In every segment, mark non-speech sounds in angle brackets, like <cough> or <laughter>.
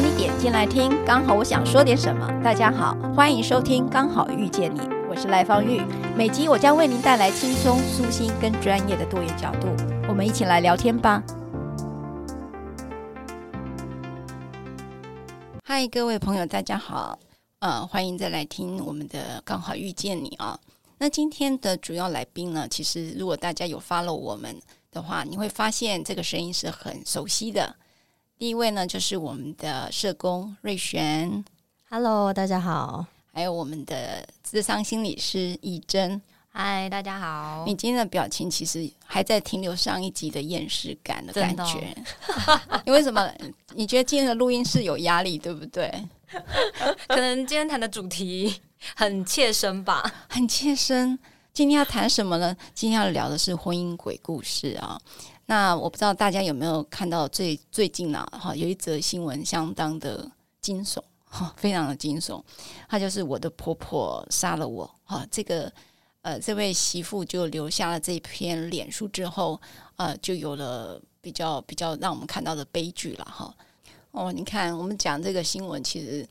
你點進來聽，剛好我想說點什麼。大家好，歡迎收聽《剛好遇見你》，我是賴芳玉。每集我將為您帶來輕鬆、舒心跟專業的多元角度，我們一起來聊天吧。嗨，各位朋友，大家好，呃，歡迎再來聽我們的《剛好遇見你》啊。那今天的主要來賓呢，其實如果大家有 follow 我們的話，你會發現這個聲音是很熟悉的。第一位呢，就是我們的社工芮璿，Hello，大家好。還有我們的諮商心理師怡禎，嗨，大家好。你今天的表情其實還在停留上一集的厭世感的感覺，因、哦、 <laughs> 為什麼？你覺得今天的錄音室有壓力，對不對？ <laughs> 可能今天談的主題很切身吧，很切身。今天要談什麼呢？今天要聊的是婚姻鬼故事啊、哦。那我不知道大家有沒有看到最最近呢？哈，有一則新聞相當的驚悚，哈，非常的驚悚。他就是我的婆婆殺了我，哈，這個呃，這位媳婦就留下了這篇臉書之後，呃，就有了比較比較讓我們看到的悲劇了，哈。哦，你看我們講這個新聞，其實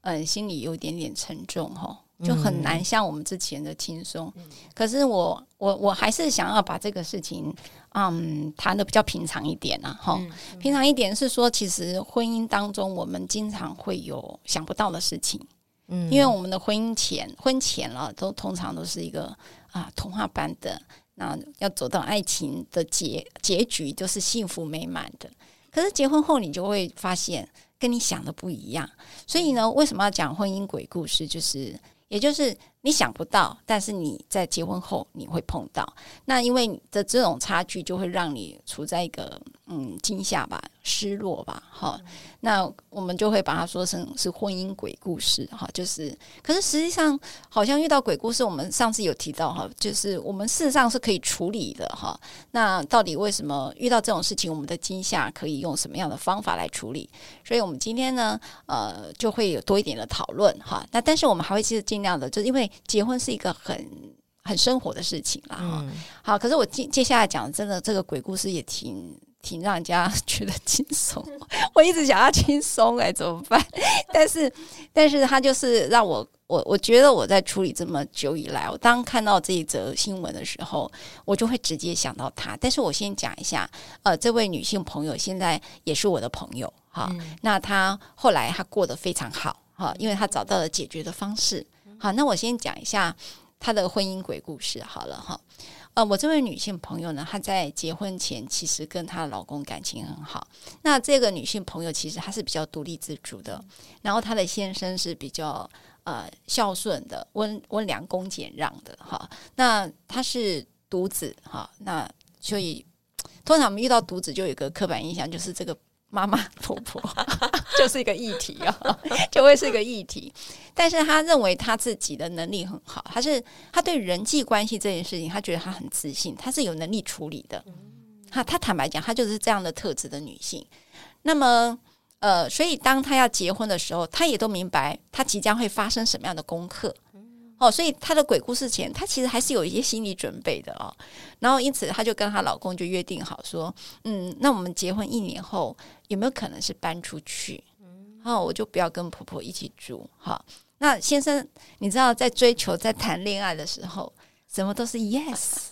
嗯、呃，心裡有點點沉重，哈。就很難像我們之前的輕鬆，可是我我我還是想要把這個事情，嗯，談得比較平常一點哈、啊嗯嗯嗯，平常一點是說，其實婚姻當中我們經常會有想不到的事情，嗯，因為我們的婚姻前婚前了都通常都是一個啊童話般的，那要走到愛情的結結局就是幸福美滿的，可是結婚後你就會發現跟你想的不一樣，所以呢，為什麼要講婚姻鬼故事？就是也就是。你想不到，但是你在結婚後你會碰到那，因為的這種差距就會讓你處在一個嗯驚嚇吧、失落吧，哈、嗯，那我們就會把它說成是婚姻鬼故事，哈，就是，可是實際上好像遇到鬼故事，我們上次有提到哈，就是我們事實上是可以處理的哈。那到底為什麼遇到這種事情，我們的驚嚇可以用什麼樣的方法來處理？所以我們今天呢，呃，就會有多一點的討論哈。那但是我們還會盡儘量的，就因為。結婚是一個很很生活的事情啦哈、嗯。好，可是我接接下來講，真的這個鬼故事也挺挺讓人家覺得驚悚。 <laughs> 我一直想要輕鬆欸，怎麼辦？ <laughs> 但是，但是他就是讓我我我覺得我在處理這麼久以來，我當看到這一則新聞的時候，我就會直接想到他。但是我先講一下，呃，這位女性朋友現在也是我的朋友哈、嗯。那她後來她過得非常好哈，因為她找到了解決的方式。嗯好，那我先講一下她的婚姻鬼故事好了哈。呃，我這位女性朋友呢，她在結婚前其實跟她老公感情很好。那這個女性朋友其實她是比較獨立自主的，嗯。然後她的先生是比較呃孝順的、溫溫良恭儉讓的哈。那她是獨子哈，那所以通常我們遇到獨子就有一個刻板印象，就是這個。媽媽婆婆， <laughs> 就是一個議題啊， <laughs> 就會是一個議題。但是他認為他自己的能力很好，他是他對人際關係這件事情，他覺得他很自信，他是有能力處理的。他他，他坦白講，他就是這樣的特質的女性。那麼，呃，所以當他要結婚的時候，他也都明白他即將會發生什麼樣的功課。哦、oh，所以她的鬼故事前，她其實還是有一些心理準備的哦。然後，因此她就跟她老公就約定好說，嗯，那我們結婚一年後，有沒有可能是搬出去？嗯，然後我就不要跟婆婆一起住。好，那先生，你知道在追求在談戀愛的時候，什麼都是 yes。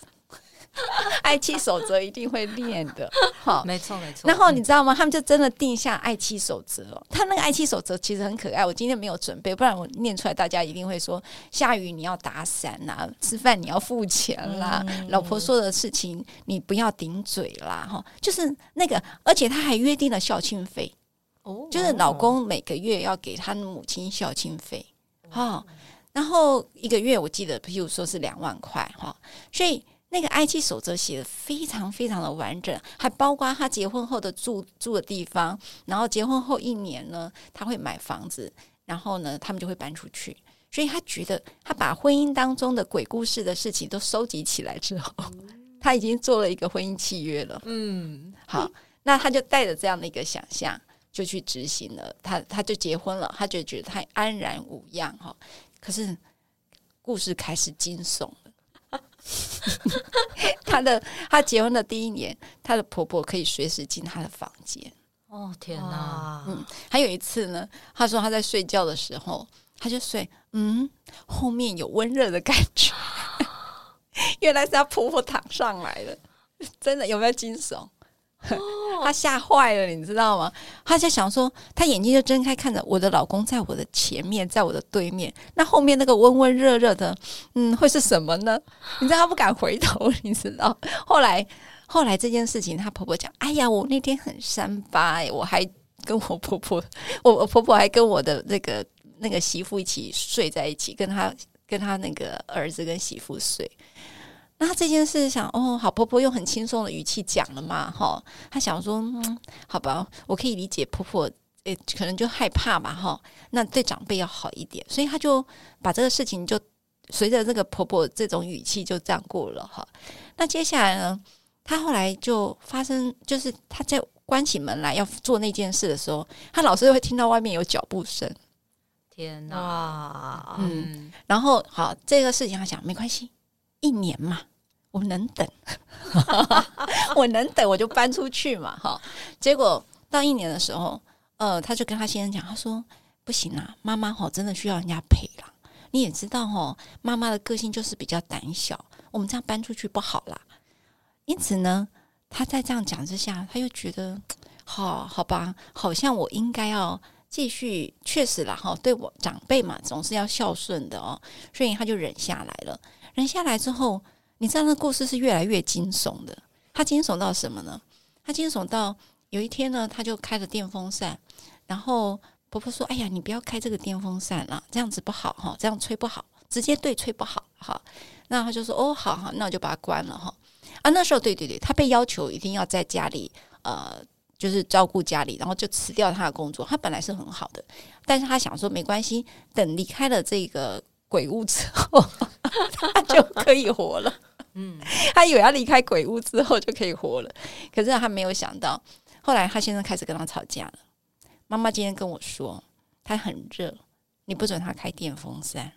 <laughs> 愛妻守則一定會念的，好，沒錯沒錯。然後你知道嗎？嗯、他們就真的定下愛妻守則了。他那個愛妻守則其實很可愛。我今天沒有準備，不然我念出來，大家一定會說：下雨你要打傘啦、啊，吃飯你要付錢啦、嗯，老婆說的事情你不要頂嘴啦，哈，就是那個。而且他還約定了孝親費哦，就是老公每個月要給他母親孝親費，哈、哦哦，然後一個月我記得，譬如說是兩萬塊，哈，所以。那個《愛妻守則》寫得非常非常的完整，還包括他結婚後的住住的地方，然後結婚後一年呢，他會買房子，然後呢，他們就會搬出去。所以他覺得，他把婚姻當中的鬼故事的事情都收集起來之後，他已經做了一個婚姻契約了。嗯，好，那他就帶着這樣的一個想象就去執行了。他他就結婚了，他就覺得他安然無恙哈。可是故事開始驚悚。她 <laughs> 的她結婚的第一年，她的婆婆可以隨時進她的房間。哦天哪！嗯，還有一次呢，她說她在睡覺的時候，她就睡，嗯，後面有溫熱的感覺， <laughs> 原來是他婆婆躺上來的。真的有沒有驚悚？他嚇壞了，你知道嗎？他就想說，他眼睛就睜開看着我的老公，在我的前面，在我的對面。那後面那個溫溫熱熱的，嗯，會是什麼呢？你知道，他不敢回頭，你知道。後來，後來這件事情，他婆婆講：“哎呀，我那天很三八、欸，我還跟我婆婆，我我婆婆還跟我的那個那個媳婦一起睡在一起，跟她跟她那個兒子跟媳婦睡。”那他這件事想，想哦，好，婆婆用很輕鬆的語氣講了嘛，哈，她想說、嗯，好吧，我可以理解婆婆，誒、欸，可能就害怕嘛，哈，那對長輩要好一點，所以她就把這個事情就隨着這個婆婆這種語氣就這樣過了，哈。那接下來呢，她後來就發生，就是她在關起門來要做那件事的時候，她老是會聽到外面有腳步聲，天哪、啊嗯，嗯，然後好，這個事情她想，沒關係，一年嘛。我能等， <laughs> 我能等，我就搬出去嘛，哈！結果到一年的時候，呃，他就跟他先生講，他說：“不行啦，媽媽真的需要人家陪啦。你也知道哈，媽媽的個性就是比較膽小，我們這樣搬出去不好啦。”因此呢，他在這樣講之下，他又覺得，好好吧，好像我應該要繼續，確實啦，哈，對我長輩嘛，總是要孝順的哦，所以他就忍下來了，忍下來之後。你知道那故事是越來越驚悚的。他驚悚到什麼呢？他驚悚到有一天呢，他就開着電風扇，然後婆婆說：“哎呀，你不要開這個電風扇啦，這樣子不好哈，這樣吹不好，直接對吹不好哈。好”那他就說：“哦，好好，那我就把它關了哈。”啊，那時候對對對，他被要求一定要在家裡呃，就是照顧家裡，然後就辭掉他的工作。他本來是很好的，但是他想說沒關係，等離開了這個鬼屋之後，他就可以活了。 <laughs> 嗯，他以為要離開鬼屋之後就可以活了，可是他沒有想到，後來他先生開始跟他吵架了。媽媽今天跟我說，他很熱，你不准他開電風扇。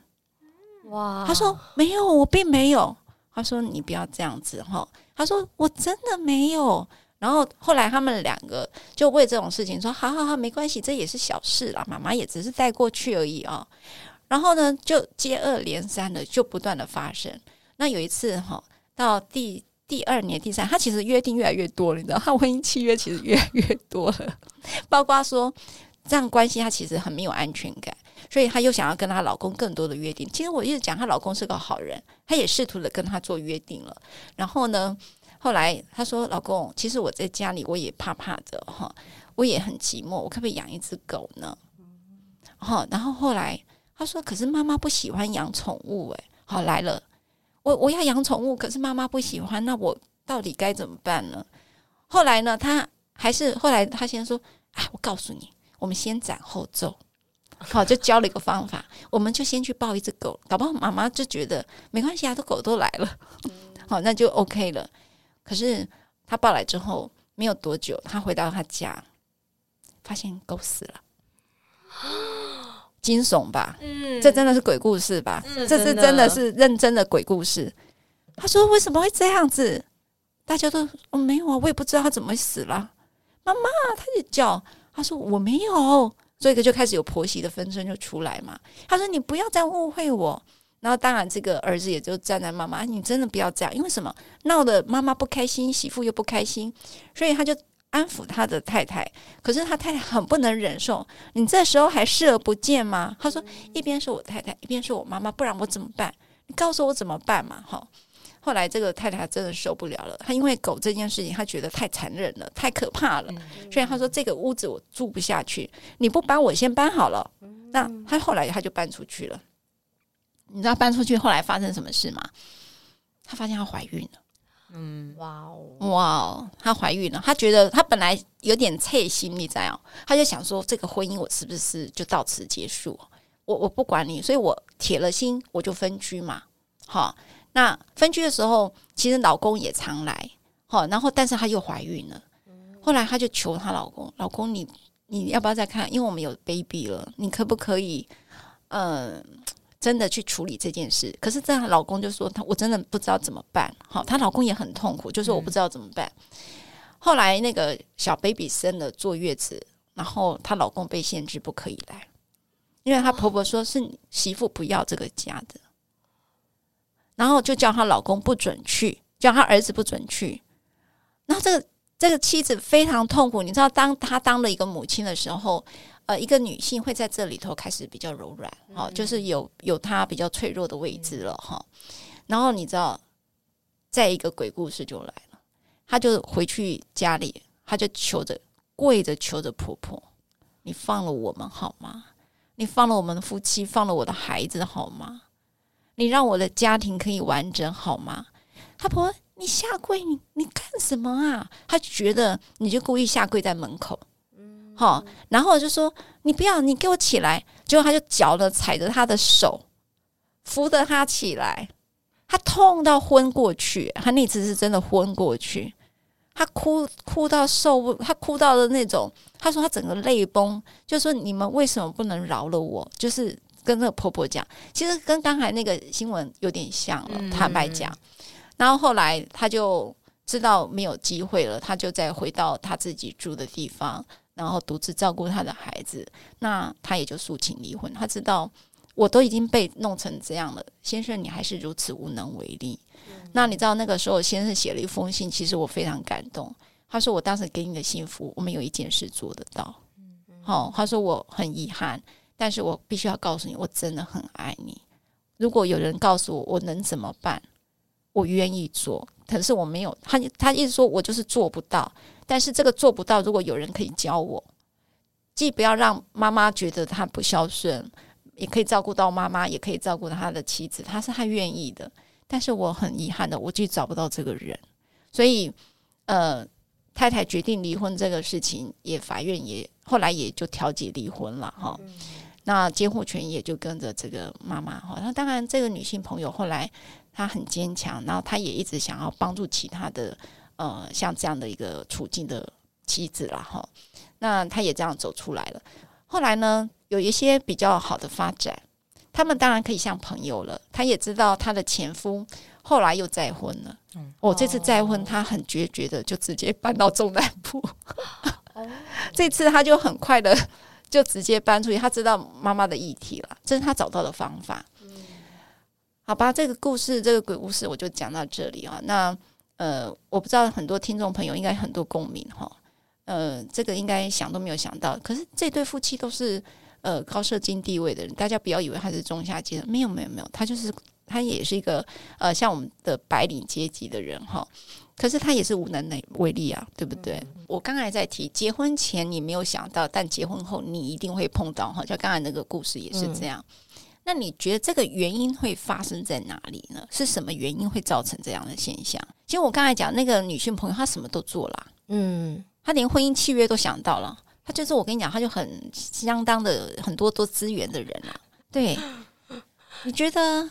哇，他說沒有，我並沒有。他說你不要這樣子哈，他說我真的沒有。然後後來他們兩個就為這種事情說，好好好，好，沒關係，這也是小事啦，媽媽也只是帶過去而已哦、喔，然後呢，就接二連三的就不斷的發生。那有一次哈，到第第二年、第三，她其實約定越來越多了，你知道，她婚姻契約其實越來越多了， <laughs> 包括說這樣關係，她其實很沒有安全感，所以她又想要跟她老公更多的約定。其實我一直講，她老公是個好人，她也試圖的跟她做約定了。然後呢，後來她說：“老公，其實我在家裡我也怕怕的哈、哦，我也很寂寞，我可不可以養一隻狗呢？”嗯、哦，然後後來她說：“可是媽媽不喜歡養寵物，誒、哦。好來了。”我我要養寵物，可是媽媽不喜歡，那我到底該怎麼辦呢？後來呢，他還是後來他先說：“哎、啊，我告訴你，我們先斬後奏。”好，就教了一個方法，我們就先去抱一隻狗，搞不好媽媽就覺得沒關係啊，這狗都來了，好，那就 OK 了。可是他抱來之後沒有多久，他回到他家，發現狗死了。驚悚吧、嗯，這真的是鬼故事吧、嗯？這是真的是認真的鬼故事。他說：“為什麼會這樣子？”大家都“我、哦、沒有啊，我也不知道他怎麼會死了。”媽媽，他就叫他說：“我沒有。”所以，他就開始有婆媳的紛爭就出來嘛。他說：“你不要再誤會我。”然後，當然這個兒子也就站在媽媽：“啊、你真的不要這樣，因為什麼鬧得媽媽不開心，媳婦又不開心，所以他就。”安撫他的太太，可是他太太很不能忍受，你這時候還視而不見嗎？他說一邊是我太太，一邊是我媽媽，不然我怎麼辦？你告訴我怎麼辦嘛！後來這個太太真的受不了了，她因為狗這件事情，她覺得太殘忍了，太可怕了，所以她說這個屋子我住不下去，你不搬我先搬好了。那她後來她就搬出去了。嗯，你知道搬出去後來發生什麼事嗎？她發現她懷孕了。嗯，哇哦，哇哦，她懷孕了。她覺得她本來有點切心，你知道，她就想說這個婚姻我是不是就到此結束？我我不管你，所以我鐵了心我就分居嘛。好、哦，那分居的時候，其實老公也常來，好、哦，然後但是她又懷孕了。後來她就求她老公，老公你你要不要再看？因為我們有 baby 了，你可不可以？嗯、呃。真的去處理這件事，可是她老公就說她，我真的不知道怎麼辦。好、哦，她老公也很痛苦，就說我不知道怎麼辦。嗯、後來那個小 baby 生了，坐月子，然後她老公被限制不可以來，因為她婆婆說是你媳婦不要這個家的，然後就叫她老公不准去，叫她兒子不准去。那這個這個妻子非常痛苦，你知道，當她當了一個母親的時候。呃，一個女性會在這裡頭開始比較柔軟，嗯、哦，就是有有她比較脆弱的位置了哈、嗯哦。然後你知道，再一個鬼故事就來了，她就回去家裡，她就求着跪着求着婆婆：“你放了我們好嗎？你放了我們夫妻，放了我的孩子好嗎？你讓我的家庭可以完整好嗎？”她婆，你下跪，你你幹什麼啊？她覺得你就故意下跪在門口。好，然後我就說：“你不要，你給我起來。”結果他就腳的踩着他的手，扶着他起來，他痛到昏過去。他那一次是真的昏過去，他哭哭到受不，他哭到的那種，他說他整個淚崩，就是、說：“你們為什麼不能饒了我？”就是跟那個婆婆講，其實跟剛才那個新聞有點像了、哦，坦白講、嗯。然後後來他就知道沒有機會了，他就再回到他自己住的地方。然後獨自照顧他的孩子，那他也就訴請離婚。他知道我都已經被弄成這樣了，先生你還是如此無能為力。嗯、那你知道那個時候，先生寫了一封信，其實我非常感動。他說：“我當時給你的幸福，我沒有一件事做得到。嗯嗯”好、哦。他說：“我很遺憾，但是我必須要告訴你，我真的很愛你。如果有人告訴我我能怎麼辦，我願意做。可是我沒有，他他一直說我就是做不到。”但是這個做不到，如果有人可以教我，既不要讓媽媽覺得她不孝順，也可以照顧到媽媽，也可以照顧到他的妻子，她是她願意的。但是我很遺憾的，我就找不到這個人，所以呃，太太決定離婚這個事情，也法院也後來也就調解離婚了哈、哦嗯。那監護權也就跟着這個媽媽哈、哦。那當然，這個女性朋友後來她很堅強，然後她也一直想要幫助其他的。呃，像這樣的一個處境的妻子了哈，那他也這樣走出來了。後來呢，有一些比較好的發展，他們當然可以像朋友了。他也知道他的前夫後來又再婚了。嗯，我、哦、這次再婚，哦、他很決絕的就直接搬到中南部、 <laughs> 嗯。這次他就很快的就直接搬出去。他知道媽媽的議題了，這是他找到的方法。嗯，好吧，這個故事，這個鬼故事，我就講到這裡啊。那。呃，我不知道很多聽眾朋友應該很多共鳴哈。呃，這個應該想都沒有想到，可是這對夫妻都是呃高社經地位的人，大家不要以為他是中下級的，沒有沒有沒有，他就是他也是一個呃像我們的白領階級的人哈。可是他也是無能為力啊，對不對？嗯嗯，我剛才在提結婚前你沒有想到，但結婚後你一定會碰到哈，像剛才那個故事也是這樣。嗯那你覺得這個原因會發生在哪裡呢？是什麼原因會造成這樣的現象？其實我剛才講那個女性朋友，她什麼都做了啊，嗯，她連婚姻契約都想到了，她就是我跟你講，她就很相當的很多多資源的人啊。對， <laughs> 你覺得？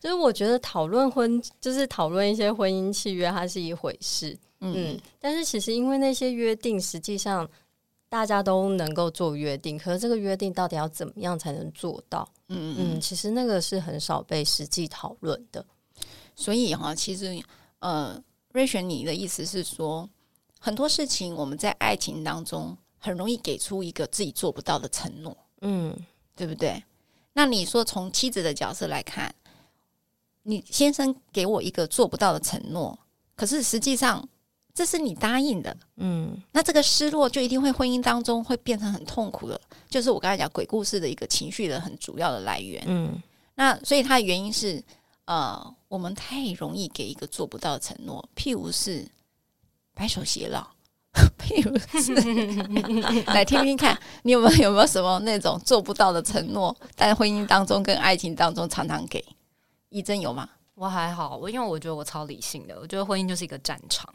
就是我覺得討論婚，就是討論一些婚姻契約，它是一回事，嗯，但是其實因為那些約定，實際上。大家都能夠做約定，可是這個約定到底要怎麼樣才能做到？嗯嗯，嗯，其實那個是很少被實際討論的。所以哈，其實呃，芮璿，你的意思是說，很多事情我們在愛情當中很容易給出一個自己做不到的承諾，嗯，對不對？那你說從妻子的角色來看，你先生給我一個做不到的承諾，可是實際上。這是你答應的，嗯，那這個失落就一定會婚姻當中會變成很痛苦的，就是我剛才講鬼故事的一個情緒的很主要的來源，嗯，那所以它的原因是，呃，我們太容易給一個做不到的承諾，譬如是白首偕老， <laughs> 譬如是， <laughs> <laughs> 來聽聽看，你有沒有有沒有什麼那種做不到的承諾，在婚姻當中跟愛情當中常常給，怡禎有嗎？我還好，我因為我覺得我超理性的，我覺得婚姻就是一個戰場。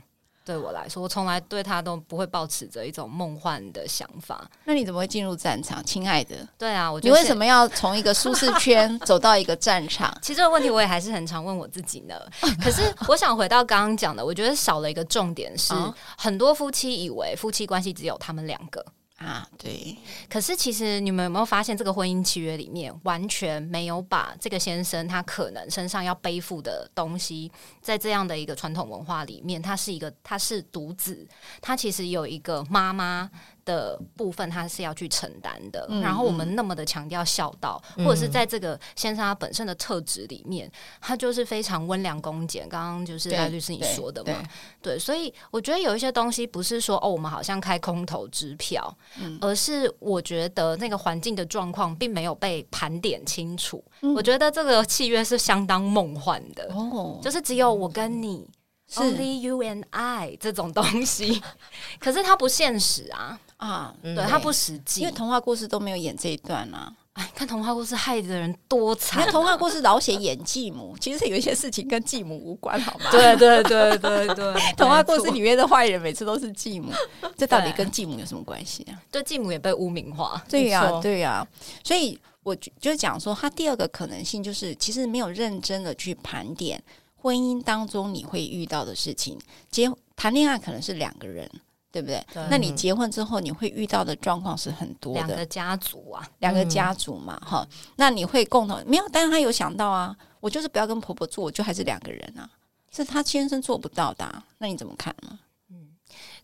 對我來說，我從來對他都不會抱持着一種夢幻的想法。那你怎麼會進入戰場，親愛的？對啊，我覺得你為什麼要從一個舒適圈走到一個戰場？ <laughs> 其實這個問題我也還是很常問我自己呢。可是我想回到剛剛講的，我覺得少了一個重點是，哦、很多夫妻以為夫妻關係只有他們兩個。啊，對。可是，其實你們有沒有發現，這個婚姻契約裡面完全沒有把這個先生他可能身上要背負的東西，在這樣的一個傳統文化裡面，他是一個他是獨子，他其實有一個媽媽。的部分他是要去承擔的、嗯，然後我們那麼的強調孝道，嗯、或者是在這個先生他本身的特質裡面，他就是非常溫良恭儉。剛剛就是賴律師你說的嘛，對對對，對，所以我覺得有一些東西不是說哦，我們好像開空頭支票、嗯，而是我覺得那個環境的狀況並沒有被盤點清楚。嗯、我覺得這個契約是相當夢幻的，哦、就是只有我跟你、嗯、是，Only You and I 這種東西， <laughs> 可是它不現實啊。啊，嗯、對他不實際，因為童話故事都沒有演這一段啊。哎、啊，看童話故事害的人多慘、啊！看童話故事老寫演繼母， <laughs> 其實有一些事情跟繼母無關，好吧？ <laughs> 對對對對對， <laughs> 童話故事裡面的壞人每次都是繼母， <laughs> 這到底跟繼母有什麼關係啊？對，繼母也被污名化。對呀、啊，對呀、啊，所以我就講說，他第二個可能性就是，其實沒有認真的去盤點婚姻當中你會遇到的事情。結談戀愛可能是兩個人。對不對,對？那你結婚之後，你會遇到的狀況是很多的。兩個家族啊，兩個家族嘛，哈、嗯。那你會共同沒有？但是他有想到啊，我就是不要跟婆婆住，我就還是兩個人啊，是他先生做不到的、啊。那你怎麼看呢？嗯，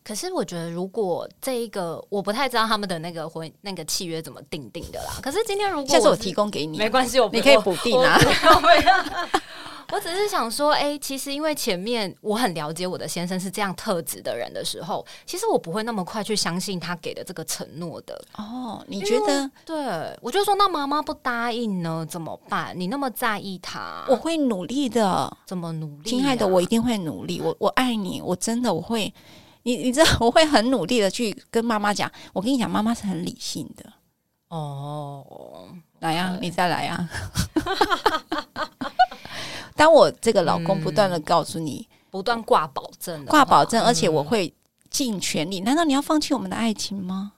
可是我覺得，如果這一個，我不太知道他們的那個婚那個契約怎麼訂定的啦。可是今天如果我,下次我提供給你，沒關係，我你可以補訂啊。 <laughs> 我只是想說，誒、欸，其實因為前面我很了解我的先生是這樣特質的人的時候，其實我不會那麼快去相信他給的這個承諾的。哦，你覺得？對，我就說那媽媽不答應呢，怎麼辦？你那麼在意他，我會努力的，怎麼努力？、啊？親愛的，我一定會努力。我我愛你，我真的我會，你你知道，我會很努力的去跟媽媽講。我跟你講，媽媽是很理性的。哦、oh, 啊，來呀，你再來呀、啊。 <laughs> <laughs> 當我這個老公不斷的告訴你、嗯，不斷掛保證，掛保證，而且我會盡全力、嗯，難道你要放棄我們的愛情嗎？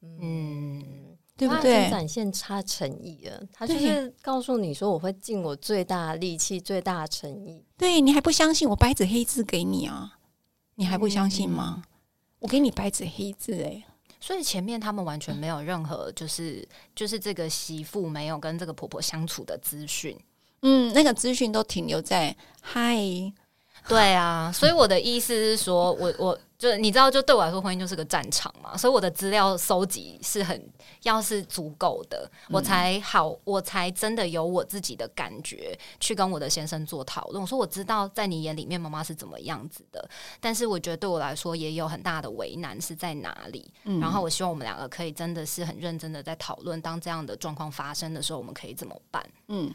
嗯，嗯對不對？他展現他誠意了，他就是告訴你說我會盡我最大力氣、最大的誠意。對你還不相信？我白紙黑字給你啊，你還不相信嗎？嗯、我給你白紙黑字、欸、所以前面他們完全沒有任何，就是就是這個媳婦沒有跟這個婆婆相處的資訊。嗯，那個資訊都停留在嗨，對啊，所以我的意思是說，我我就你知道，就對我來說，婚姻就是個戰場嘛，所以我的資料蒐集是很要是足夠的，我才好、嗯，我才真的有我自己的感覺去跟我的先生做討論。我說我知道在你眼裡面媽媽是怎麼樣子的，但是我覺得對我來說也有很大的為難是在哪裡。嗯、然後我希望我們兩個可以真的是很認真的在討論，當這樣的狀況發生的時候，我們可以怎麼辦？嗯。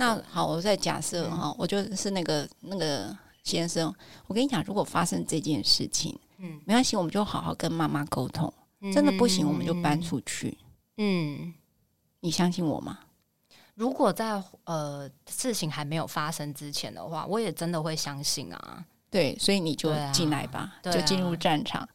那好，我再假設哈，我就是那個那個先生。我跟你講，如果發生這件事情，嗯，沒關係，我們就好好跟媽媽溝通、嗯。真的不行，我們就搬出去。嗯，你相信我嗎？如果在呃事情還沒有發生之前的話，我也真的會相信啊。對，所以你就進來吧，啊、就進入戰場、啊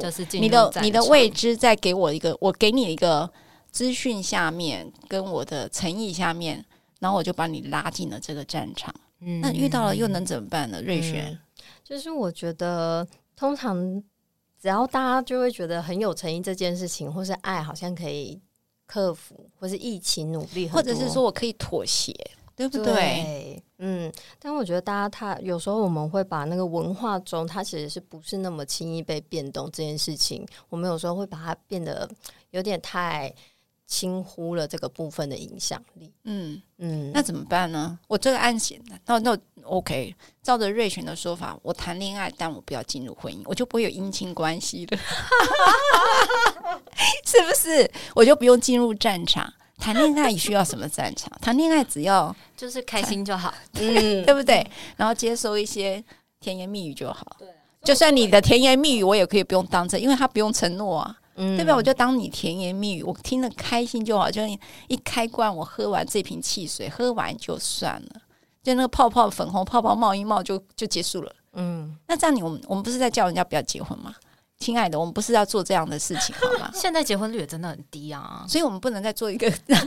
就是、進入戰場。你的你的你的位置在給我一個，我給你一個資訊下面跟我的誠意下面。然後我就把你拉進了這個戰場，嗯，那遇到了又能怎麼辦呢？嗯、芮璿、嗯，就是我覺得通常只要大家就會覺得很有誠意這件事情，或是愛好像可以克服，或是一起努力，或者是說我可以妥協，對不對，對？嗯，但我覺得大家他有時候我們會把那個文化中它其實是不是那麼輕易被變動這件事情，我們有時候會把它變得有點太。輕忽了這個部分的影響力。嗯嗯，那怎麼辦呢？我這個案型，那我那我 OK，照着芮璿的說法，我談戀愛，但我不要進入婚姻，我就不會有姻親關係了。 <laughs> <laughs> 是不是？我就不用進入戰場。談戀愛需要什麼戰場？ <laughs> 談戀愛只要就是開心就好， <laughs> 嗯，對不對？然後接收一些甜言蜜語就好、啊。就算你的甜言蜜語，我也可以不用當真，因為他不用承諾啊。嗯、對不對？我就當你甜言蜜語，我聽了開心就好。就一開罐，我喝完這瓶汽水，喝完就算了。就那個泡泡粉紅泡泡冒一冒就，就就結束了。嗯，那這樣你我們我們不是在叫人家不要結婚嗎？親愛的，我們不是要做這樣的事情，好嗎？現在結婚率也真的很低啊，所以我們不能再做一個更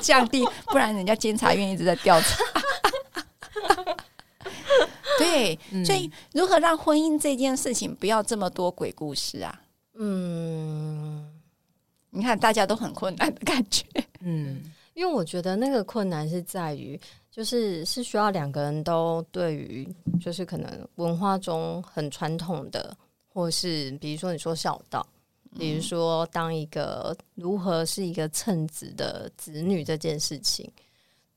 降低，不然人家監察院一直在調查。 <laughs> 對，所以如何讓婚姻這件事情不要這麼多鬼故事啊？嗯，你看，大家都很困難的感覺。嗯，因為我覺得那個困難是在於，就是是需要兩個人都對於，就是可能文化中很傳統的，或是比如說你說孝道，比如說當一個如何是一個稱職的子女這件事情。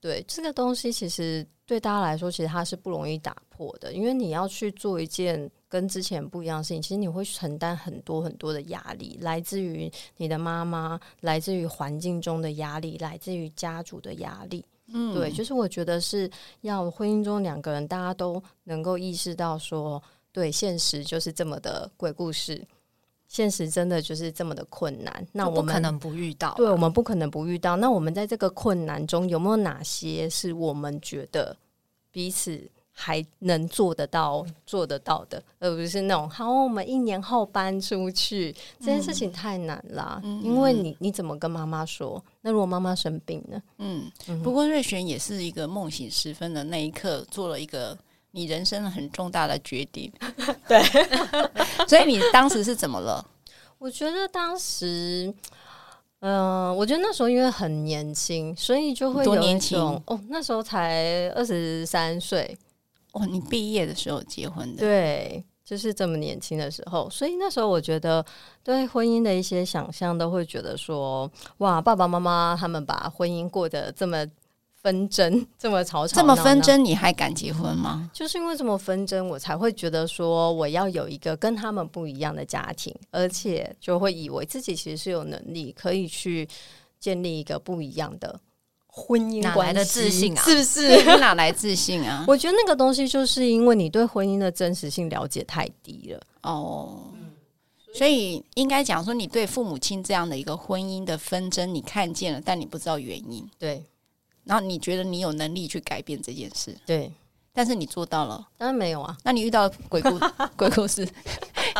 對這個東西，其實對大家來說，其實它是不容易打破的，因為你要去做一件跟之前不一樣的事情，其實你會承擔很多很多的壓力，來自於你的媽媽，來自於環境中的壓力，來自於家族的壓力。嗯，對，就是我覺得是要婚姻中兩個人，大家都能夠意識到說，對，現實就是這麼的鬼故事。現實真的就是這麼的困難，那我們不可能不遇到、啊。對我們不可能不遇到。那我們在這個困難中，有沒有哪些是我們覺得彼此還能做得到、嗯、做得到的，而不是那種“好，我們一年後搬出去”嗯、這件事情太難了、嗯？因為你你怎麼跟媽媽說？那如果媽媽生病呢？嗯，不過芮璿也是一個夢醒時分的那一刻做了一個。你人生的很重大的決定， <laughs> 對， <laughs> 所以你當時是怎麼了？我覺得當時，嗯、呃，我覺得那時候因為很年輕，所以就會有一種多年輕哦，那時候才二十三歲哦，你畢業的時候結婚的，對，就是這麼年輕的時候，所以那時候我覺得對婚姻的一些想象都會覺得說，哇，爸爸媽媽他們把婚姻過得這麼紛爭這麼吵吵，這麼紛爭，你還敢結婚嗎？嗯，就是因為這麼紛爭，我才會覺得說我要有一個跟他們不一樣的家庭，而且就會以為自己其實是有能力可以去建立一個不一樣的婚姻關係。哪來的自信啊，是不是？ <laughs> 哪來自信啊？ <laughs> 我覺得那個東西就是因為你對婚姻的真實性了解太低了哦。所以應該講說，你對父母親這樣的一個婚姻的紛爭，你看見了，但你不知道原因。對。然後你覺得你有能力去改變這件事？對，但是你做到了？當然沒有啊！那你遇到鬼故 <laughs> 鬼故事？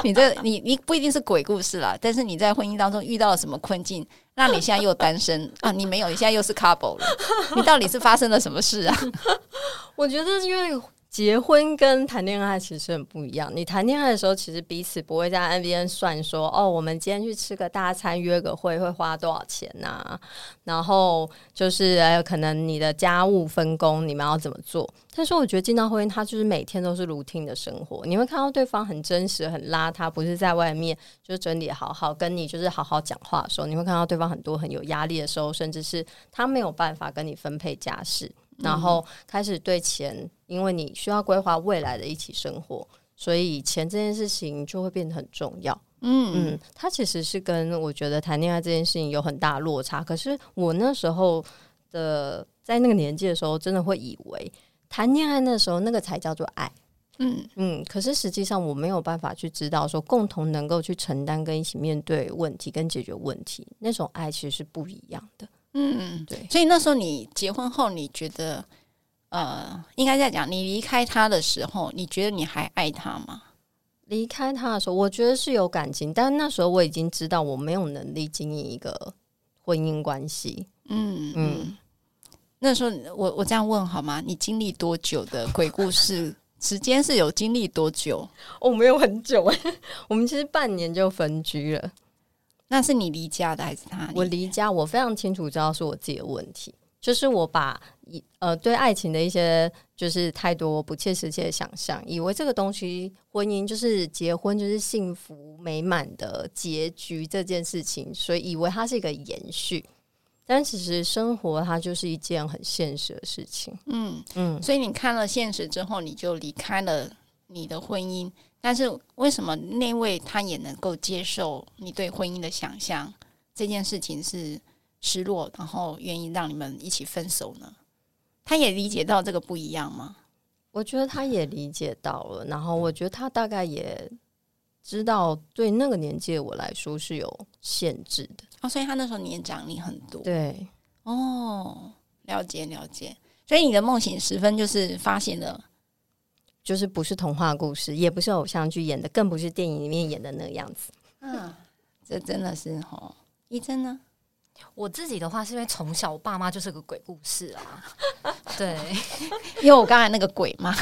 你這你你不一定是鬼故事啦，但是你在婚姻當中遇到了什麼困境？那你現在又單身 <laughs> 啊？你沒有，你現在又是 couple 了？你到底是發生了什麼事啊？ <laughs> 我覺得因為。結婚跟談戀愛其實很不一樣。你談戀愛的時候，其實彼此不會在那邊算說：“哦，我們今天去吃個大餐，約個會會花多少錢吶、啊？然後就是還有、呃、可能你的家務分工，你們要怎麼做？但是我覺得進到婚姻，他就是每天都是 routine 的生活。你會看到對方很真實、很邋遢，不是在外面就是整理好好，跟你就是好好講話的時候，你會看到對方很多很有壓力的時候，甚至是他沒有辦法跟你分配家事，嗯、然後開始對錢。因為你需要規劃未來的一起生活，所以錢這件事情就會變得很重要。嗯嗯，它其實是跟我覺得談戀愛這件事情有很大落差。可是我那時候的在那個年紀的時候，真的會以為談戀愛那時候那個才叫做愛。嗯嗯，可是實際上我沒有辦法去知道說共同能夠去承擔跟一起面對問題跟解決問題，那種愛其實是不一樣的。嗯，對。所以那時候你結婚後，你覺得？呃，應該這樣講，你離開他的時候，你覺得你還愛他嗎？離開他的時候，我覺得是有感情，但那時候我已經知道我沒有能力經營一個婚姻關係。嗯嗯，那時候我我這樣問好嗎？你經歷多久的鬼故事？ <laughs> 時間是有經歷多久？我、 <laughs> 哦、沒有很久誒。 <laughs> 我們其實半年就分居了。那是你離家的還是他？我離家，我非常清楚知道是我自己的問題。就是我把一呃，對愛情的一些就是，太多不切實際的想象，以為這個東西婚姻就是結婚就是幸福美滿的結局這件事情，所以以為它是一個延續。但其實生活它就是一件很現實的事情，嗯嗯。所以你看了現實之後，你就離開了你的婚姻。但是為什麼那位他也能夠接受你對婚姻的想象這件事情是失落，然後願意讓你們一起分手呢？他也理解到這個不一樣嗎？我覺得他也理解到了，然後我覺得他大概也知道，對那個年紀的我來說是有限制的、啊、所以他那時候年長你很多，對哦，了解了解。所以你的夢醒時分就是發現了，就是不是童話故事，也不是偶像劇演的，更不是電影裡面演的那個樣子。嗯、啊，這真的是齁。怡禎呢？我自己的話，是因為從小我爸媽就是個鬼故事啊，對，因 <laughs> 為我剛才那個鬼嘛，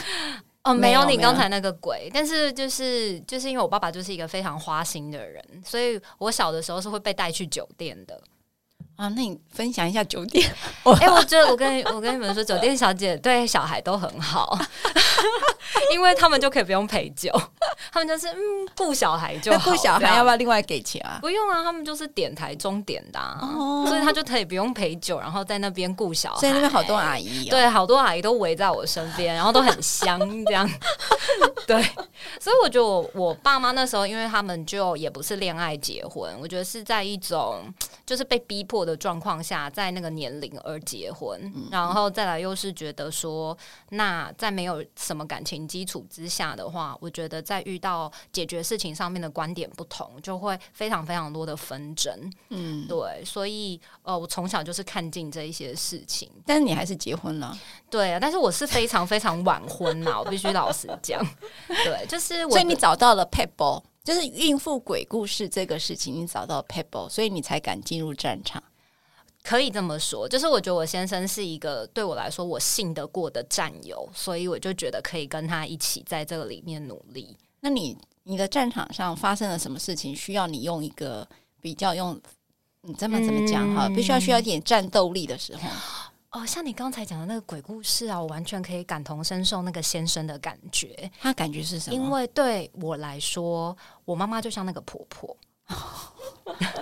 哦，沒有，沒有你剛才那個鬼，但是就是就是因為我爸爸就是一個非常花心的人，所以我小的時候是會被帶去酒店的。啊，那你分享一下酒店。哎、欸，我覺得我跟我跟你們說，酒店小姐對小孩都很好， <laughs> 因為他們就可以不用陪酒，他們就是嗯顧小孩就好。顧小孩要不要另外給錢啊？不用啊，他們就是點台鐘點的，啊哦哦哦，所以他就可以不用陪酒，然後在那邊顧小孩。所以那邊好多阿姨，哦，對，好多阿姨都圍在我身邊，然後都很香這樣。 <laughs> 對，所以我覺得我我爸媽那時候，因為他們就也不是戀愛結婚，我覺得是在一種就是被逼迫，的狀況下，在那個年齡而結婚，嗯，然後再來又是覺得說，那在沒有什麼感情基礎之下的話，我覺得在遇到解決事情上面的觀點不同，就會非常非常多的紛爭。嗯，對，所以呃，我從小就是看盡這一些事情。但是你還是結婚了？對啊，但是我是非常非常晚婚吶， <laughs> 我必須老實講，對，就是我所以你找到了 people 就是孕婦鬼故事這個事情，你找到 people 所以你才敢進入戰場。可以這麼說，就是我覺得我先生是一個對我來說我信得過的戰友，所以我就覺得可以跟他一起在這個裡面努力。那你你的戰場上發生了什麼事情，需要你用一個比較用，你這麼這麼講哈、嗯？必須要需要一點戰鬥力的時候哦，像你剛才講的那個鬼故事啊，我完全可以感同身受那個先生的感覺。他感覺是什麼？因為對我來說，我媽媽就像那個婆婆。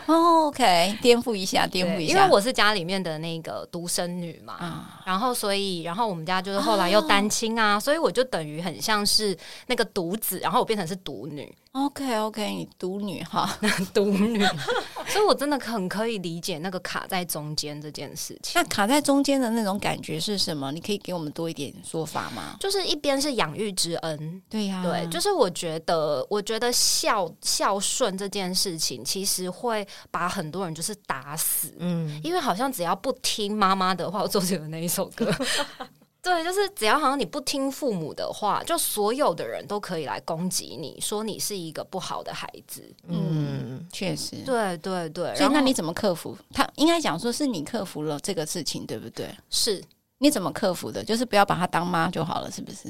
哦、oh，OK，顛覆一下，顛覆一下，因為我是家裡面的那個獨生女嘛、嗯，然後所以，然後我們家就是後來又單親啊，啊所以我就等於很像是那個獨子，然後我變成是獨女。OK，OK，okay, okay, 你獨女哈，獨女， <laughs> 獨女 <laughs> 所以我真的很可以理解那個卡在中間這件事情。那卡在中間的那種感覺是什麼？嗯、你可以給我們多一點說法嗎？就是一邊是養育之恩，對呀、啊，對，就是我覺得，我覺得孝孝順這件事情。事情其實會把很多人就是打死，嗯，因為好像只要不聽媽媽的話，我奏起了那一首歌， <laughs> 對，就是只要好像你不聽父母的話，就所有的人都可以來攻擊你，說你是一個不好的孩子，嗯，嗯、確實，對對對。所以那你怎麼克服？他應該講說是你克服了這個事情，對不對？是你怎麼克服的？就是不要把他當媽就好了，是不是？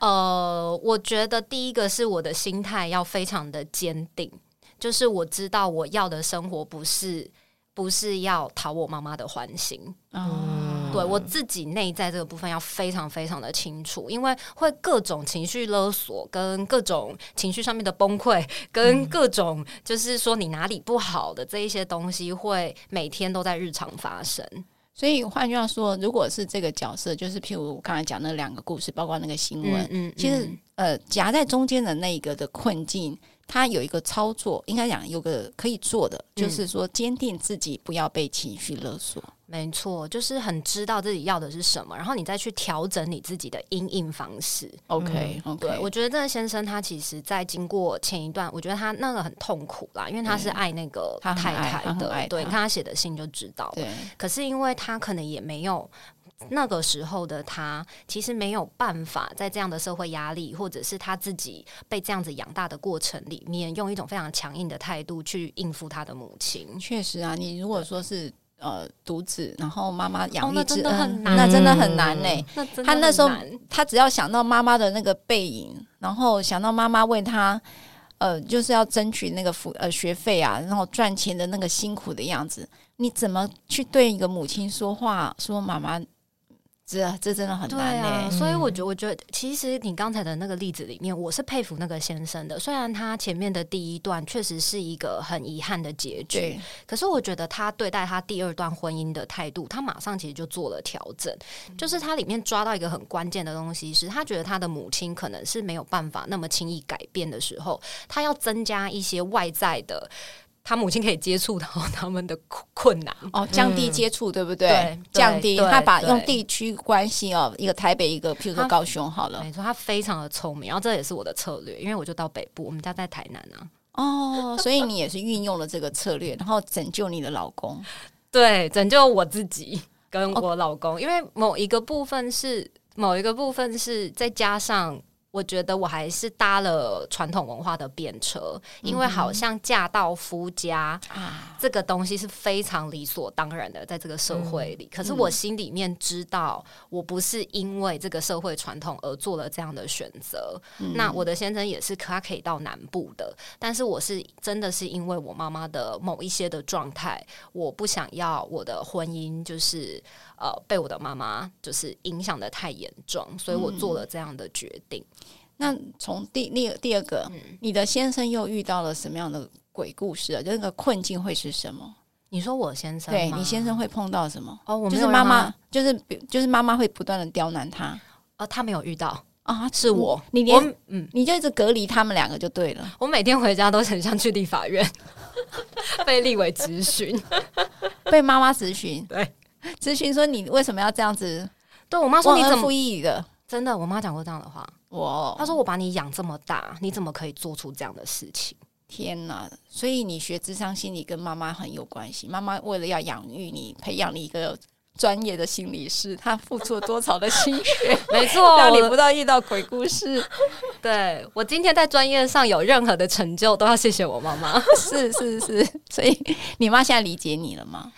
呃，我覺得第一個是我的心態要非常的堅定。就是我知道我要的生活不是不是要討我媽媽的歡心。哦，嗯，對我自己內在這個部分要非常非常的清楚，因為會各種情緒勒索，跟各種情緒上面的崩潰，跟各種就是說你哪裡不好的這一些東西，會每天都在日常發生，嗯。所以換句話說，如果是這個角色，就是譬如我剛才講那兩個故事，包括那個新聞，嗯嗯，其實，嗯，呃夾在中間的那一個的困境。他有一個操作，應該講有個可以做的、嗯，就是說堅定自己不要被情緒勒索。沒錯，就是很知道自己要的是什麼，然後你再去調整你自己的因應方式。嗯、OK，o okay, okay 對，我覺得鄭先生他其實，在經過前一段，我覺得他那個很痛苦啦，因為他是愛那個太太的，嗯、對，你看他寫的信就知道了。了。可是因為他可能也沒有。那個時候的他其實沒有辦法在這樣的社會壓力，或者是他自己被這樣子養大的過程裡面，用一種非常強硬的態度去應付他的母親。確實啊，你如果說是呃獨子，然後媽媽養育之恩、哦，那真的很難，呃、那真的很難呢、欸嗯。他那時候，他只要想到媽媽的那個背影，然後想到媽媽為他呃就是要爭取那個付呃學費啊，然後賺錢的那個辛苦的樣子，你怎麼去對一個母親說話？說媽媽。是啊，這真的很難、欸、對啊。所以我覺我覺得其實你剛才的那個例子裡面，我是佩服那個先生的。雖然他前面的第一段確實是一個很遺憾的結局，可是我覺得他對待他第二段婚姻的態度，他馬上其實就做了調整。就是他裡面抓到一個很關鍵的東西是，是他覺得他的母親可能是沒有辦法那麼輕易改變的時候，他要增加一些外在的。他母親可以接觸到他們的困難哦，降低接觸，嗯、對不對？對，對？降低，他把用地區關係哦，一個台北，一個譬如說高雄，好了，沒錯，他非常的聰明。然後這也是我的策略，因為我就到北部，我們家在台南啊。哦，所以你也是運用了這個策略， <laughs> 然後拯救你的老公，對，拯救我自己跟我老公，哦，因為某一個部分是，某一個部分是再加上。我覺得我還是搭了傳統文化的便車，因為好像嫁到夫家啊、嗯，這個東西是非常理所當然的，在這個社會裡。嗯、可是我心裡面知道、嗯，我不是因為這個社會傳統而做了這樣的選擇、嗯。那我的先生也是，他可以到南部的，但是我是真的是因為我媽媽的某一些的狀態，我不想要我的婚姻就是。呃，被我的媽媽就是影響得太嚴重，所以我做了這樣的決定。嗯、那從第第第二個、嗯，你的先生又遇到了什麼樣的鬼故事啊？就那個困境會是什麼？你說我先生，對你先生會碰到什麼？哦、媽媽就是媽媽，就是就是媽媽會不斷的刁難他。呃、哦，他沒有遇到啊，是我。嗯、你連、嗯、你就一直隔離他們兩個就對了。我每天回家都很想去立法院， <laughs> 被立委質詢， <laughs> 被媽媽質詢，對。諮詢說：“你為什麼要這樣子？”對，我媽說：“你這麼故意的？”真的，我媽講過這樣的話。我她說：“我把你養這麼大，你怎麼可以做出這樣的事情？”天哪！所以你學諮商心理跟媽媽很有關係。媽媽為了要養育你，培養你一個專業的心理師，她付出了多少的心血？沒錯，讓你不到遇到鬼故事。對，我今天在專業上有任何的成就，都要謝謝我媽媽。是是是，是，所以你媽現在理解你了嗎？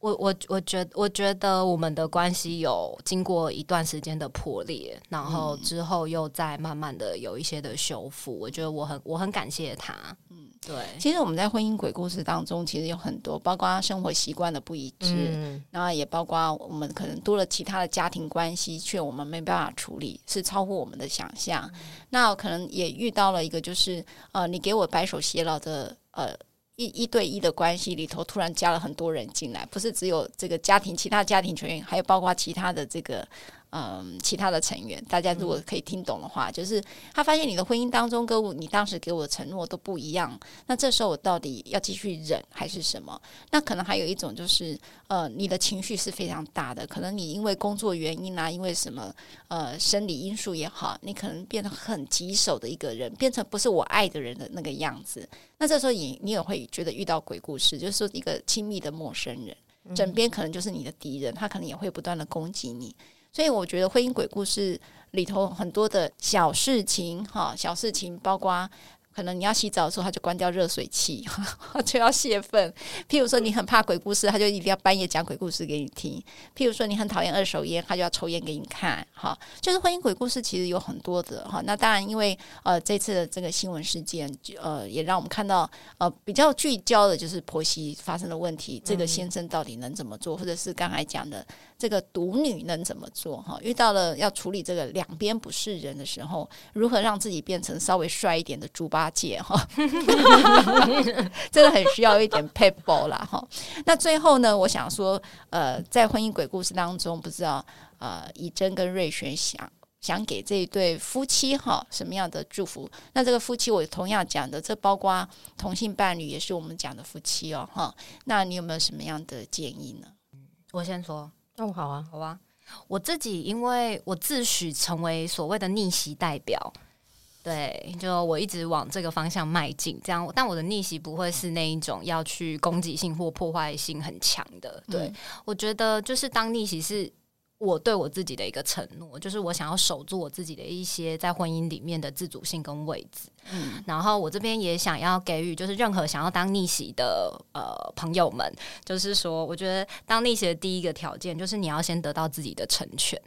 我我我覺得我覺得我們的關係有經過一段時間的破裂，然後之後又在慢慢的有一些的修復。我覺得我很我很感謝他。嗯，對。其實我們在婚姻鬼故事當中，其實有很多，包括生活習慣的不一致，嗯，然後也包括我們可能多了其他的家庭關係，卻我們沒辦法處理，是超乎我們的想象。嗯，那可能也遇到了一個，就是呃，你給我白首偕老的呃。一一對一的關係裡頭，突然加了很多人進來，不是只有這個家庭，其他家庭成員，還有包括其他的這個。嗯，其他的成員，大家如果可以聽懂的話，嗯、就是他發現你的婚姻當中，跟我你當時給我的承諾都不一樣。那這時候我到底要繼續忍還是什麼？那可能還有一種就是，呃，你的情緒是非常大的，可能你因為工作原因啊，因為什麼，呃，生理因素也好，你可能變得很棘手的一個人，變成不是我愛的人的那個樣子。那這時候你你也會覺得遇到鬼故事，就是說一個親密的陌生人，枕、嗯、邊可能就是你的敵人，他可能也會不斷的攻擊你。所以我覺得《婚姻鬼故事》裡頭很多的小事情，哈，小事情包括。可能你要洗澡的時候，他就關掉熱水器， <laughs> 就要泄憤。譬如說，你很怕鬼故事，他就一定要半夜講鬼故事給你聽。譬如說，你很討厭二手菸，他就要抽菸給你看。哈，就是婚姻鬼故事其實有很多的哈。那當然，因為呃這次的這個新聞事件，呃也讓我們看到呃比較聚焦的，就是婆媳發生的問題，嗯。這個先生到底能怎麼做，或者是剛才講的這個獨女能怎麼做？哈，遇到了要處理這個兩邊不是人的時候，如何讓自己變成稍微帥一點的豬八？姐哈，真的很需要一點撇步啦哈。那最後呢，我想說，呃，在婚姻鬼故事當中，不知道呃，怡禎跟芮璿想想給這一對夫妻哈什麼樣的祝福？那這個夫妻，我也同樣講的，這包括同性伴侶，也是我們講的夫妻哦哈。那你有沒有什麼樣的建議呢？我先說，那、嗯、好啊，好吧、啊。我自己因為我自詡成為所謂的逆媳代表。對，就我一直往這個方向邁進，這樣。但我的逆媳不會是那一種要去攻擊性或破壞性很強的。對、嗯，我覺得就是當逆媳是我對我自己的一個承諾，就是我想要守住我自己的一些在婚姻裡面的自主性跟位置。嗯，然後我這邊也想要給予，就是任何想要當逆媳的呃朋友們，就是說，我覺得當逆媳的第一個條件就是你要先得到自己的成全。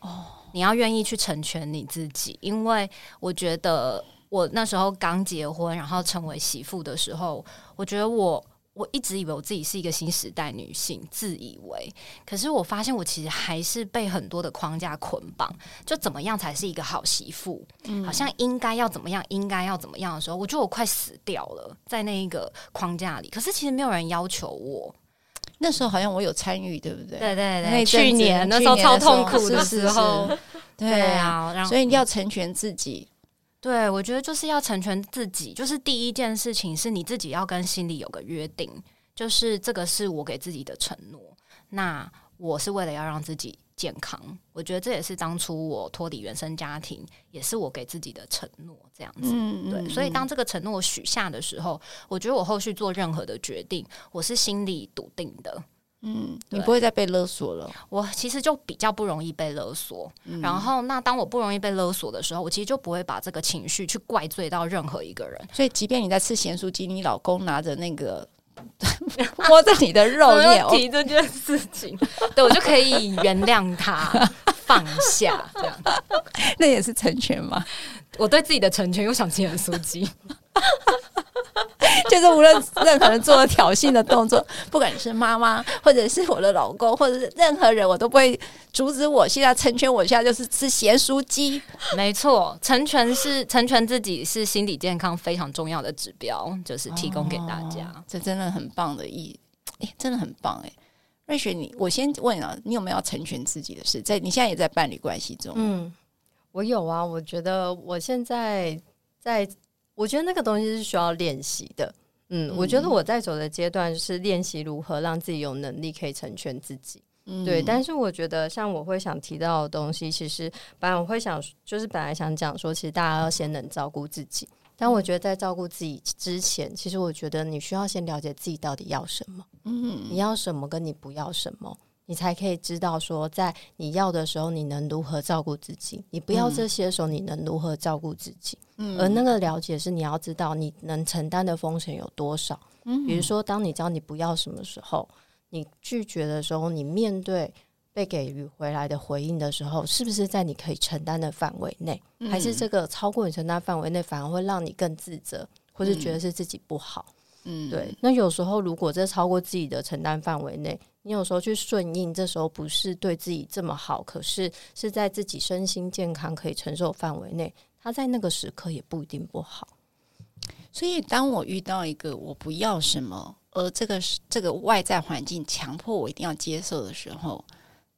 哦。你要願意去成全你自己，因為我覺得我那時候剛結婚，然後成為媳婦的時候，我覺得我我一直以為我自己是一個新時代女性，自以為。可是我發現我其實還是被很多的框架捆綁，就怎麼樣才是一個好媳婦？嗯，好像應該要怎麼樣，應該要怎麼樣的時候，我覺得我快死掉了，在那一個框架裡。可是其實沒有人要求我。那時候好像我有參與，對不對？對對對，去年那時候，時候超痛苦的時候， <laughs> 對啊，所以你要成全自己。對，我覺得就是要成全自己，就是第一件事情是你自己要跟心裡有個約定，就是這個是我給自己的承諾。那。我是為了要讓自己健康，我覺得這也是當初我脫離原生家庭，也是我給自己的承諾，這樣子。嗯、對、嗯，所以當這個承諾許下的時候，我覺得我後續做任何的決定，我是心裡篤定的。嗯，你不會再被勒索了。我其實就比較不容易被勒索。嗯、然後，那當我不容易被勒索的時候，我其實就不會把這個情緒去怪罪到任何一個人。所以，即便你在吃鹹酥雞，你老公拿着那個。摸 <laughs> 着你的肉，不提這件事情， <laughs> 對，我就可以原諒他，放下 <laughs> 這樣，那也是成全嘛。我對自己的成全又想見人贖機。 <laughs> <laughs> <laughs> 就是無論任何人做了挑釁的動作，不管是媽媽，或者是我的老公，或者是任何人，我都不會阻止我。我現在成全我，現在就是吃鹹酥雞。沒錯，成全是成全自己，是心理健康非常重要的指標，就是提供給大家。哦、這真的很棒的，意義、欸，真的很棒哎、欸。芮璿，你我先問你啊，你有沒有要成全自己的事？在你現在也在伴侶關係中？嗯，我有啊。我覺得我現在在。我覺得那個東西是需要練習的，嗯，嗯，我覺得我在走的階段是練習如何讓自己有能力可以成全自己，對，嗯。但是我覺得像我會想提到的東西，其實本來我會想就是本來想講說，其實大家要先能照顧自己。但我覺得在照顧自己之前，其實我覺得你需要先了解自己到底要什麼，嗯，你要什麼跟你不要什麼。你才可以知道，說在你要的時候，你能如何照顧自己；你不要這些時候，你能如何照顧自己。嗯，而那個了解是你要知道你能承擔的風險有多少。比如說，當你知道你不要什麼時候，你拒絕的時候，你面對被給予回來的回應的時候，是不是在你可以承擔的範圍內？還是這個超過你承擔範圍內，反而會讓你更自責，或是覺得是自己不好？嗯，對。那有時候，如果這超過自己的承擔範圍內，你有時候去順應，這時候不是對自己這麼好，可是是在自己身心健康可以承受範圍內。他在那個時刻也不一定不好。所以，當我遇到一個我不要什麼，而這個這個外在環境強迫我一定要接受的時候，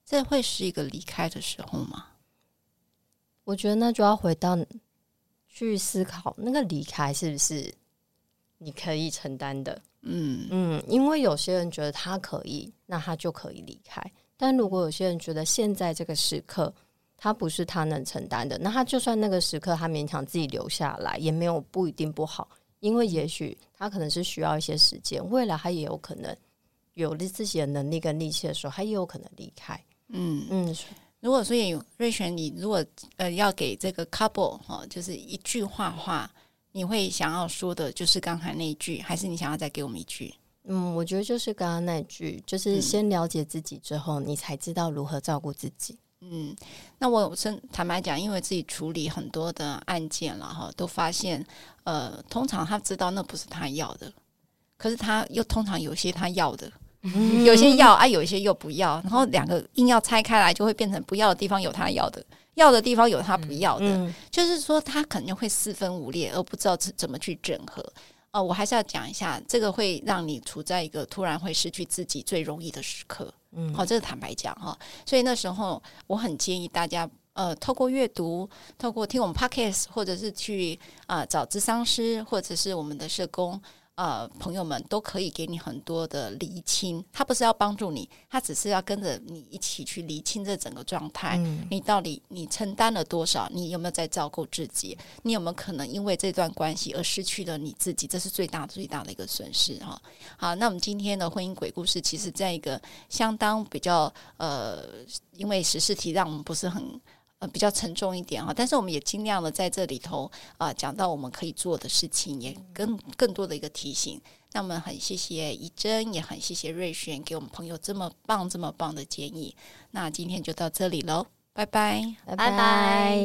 這會是一個離開的時候嗎？嗯。我覺得那就要回到去思考，那個離開是不是你可以承擔的。嗯嗯，因為有些人覺得他可以，那他就可以離開。但如果有些人覺得現在這個時刻他不是他能承擔的，那他就算那個時刻他勉強自己留下來，也沒有不一定不好。因為也許他可能是需要一些時間，未來他也有可能有了自己的能力跟力氣的時候，他也有可能離開。嗯嗯，如果說也有芮璿，你如果呃要給這個 couple 哦，就是一句話話。你會想要說的就是剛才那一句，還是你想要再給我們一句？嗯，我覺得就是剛剛那句，就是先了解自己之後，嗯，你才知道如何照顧自己。嗯，那我真坦白講，因為自己處理很多的案件了哈，都發現呃，通常他知道那不是他要的，可是他又通常有些他要的，嗯、有些要啊，有一些又不要，然後兩個硬要拆開來，就會變成不要的地方有他要的。要的地方有他不要的，嗯嗯、就是說他肯定會四分五裂，而不知道怎怎麼去整合。呃，我還是要講一下，這個會讓你處在一個突然會失去自己最容易的時刻。嗯，好、哦，這個坦白講哈、哦，所以那時候我很建議大家，呃，透過閱讀，透過聽我們 podcast 或者是去啊、呃、找諮商師，或者是我們的社工。呃，朋友們都可以給你很多的釐清。他不是要幫助你，他只是要跟着你一起去釐清這整個狀態，嗯。你到底你承擔了多少？你有沒有在照顧自己？你有沒有可能因為這段關係而失去了你自己？這是最大最大的一個損失哈，哦。好，那我們今天的婚姻鬼故事，其實在一個相當比較呃，因為時事題讓我們不是很。比較沉重一點哈，但是我們也盡量的在這裡頭啊講、呃、到我們可以做的事情，也更更多的一個提醒。那我們很謝謝怡禎，也很謝謝芮璿給我們朋友這麼棒、這麼棒的建議。那今天就到這裡嘍，拜拜，拜拜。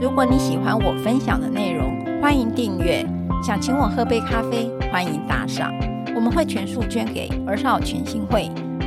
如果你喜歡我分享的內容，歡迎訂閱。想請我喝杯咖啡，歡迎打賞，我們會全數捐給兒少權心會。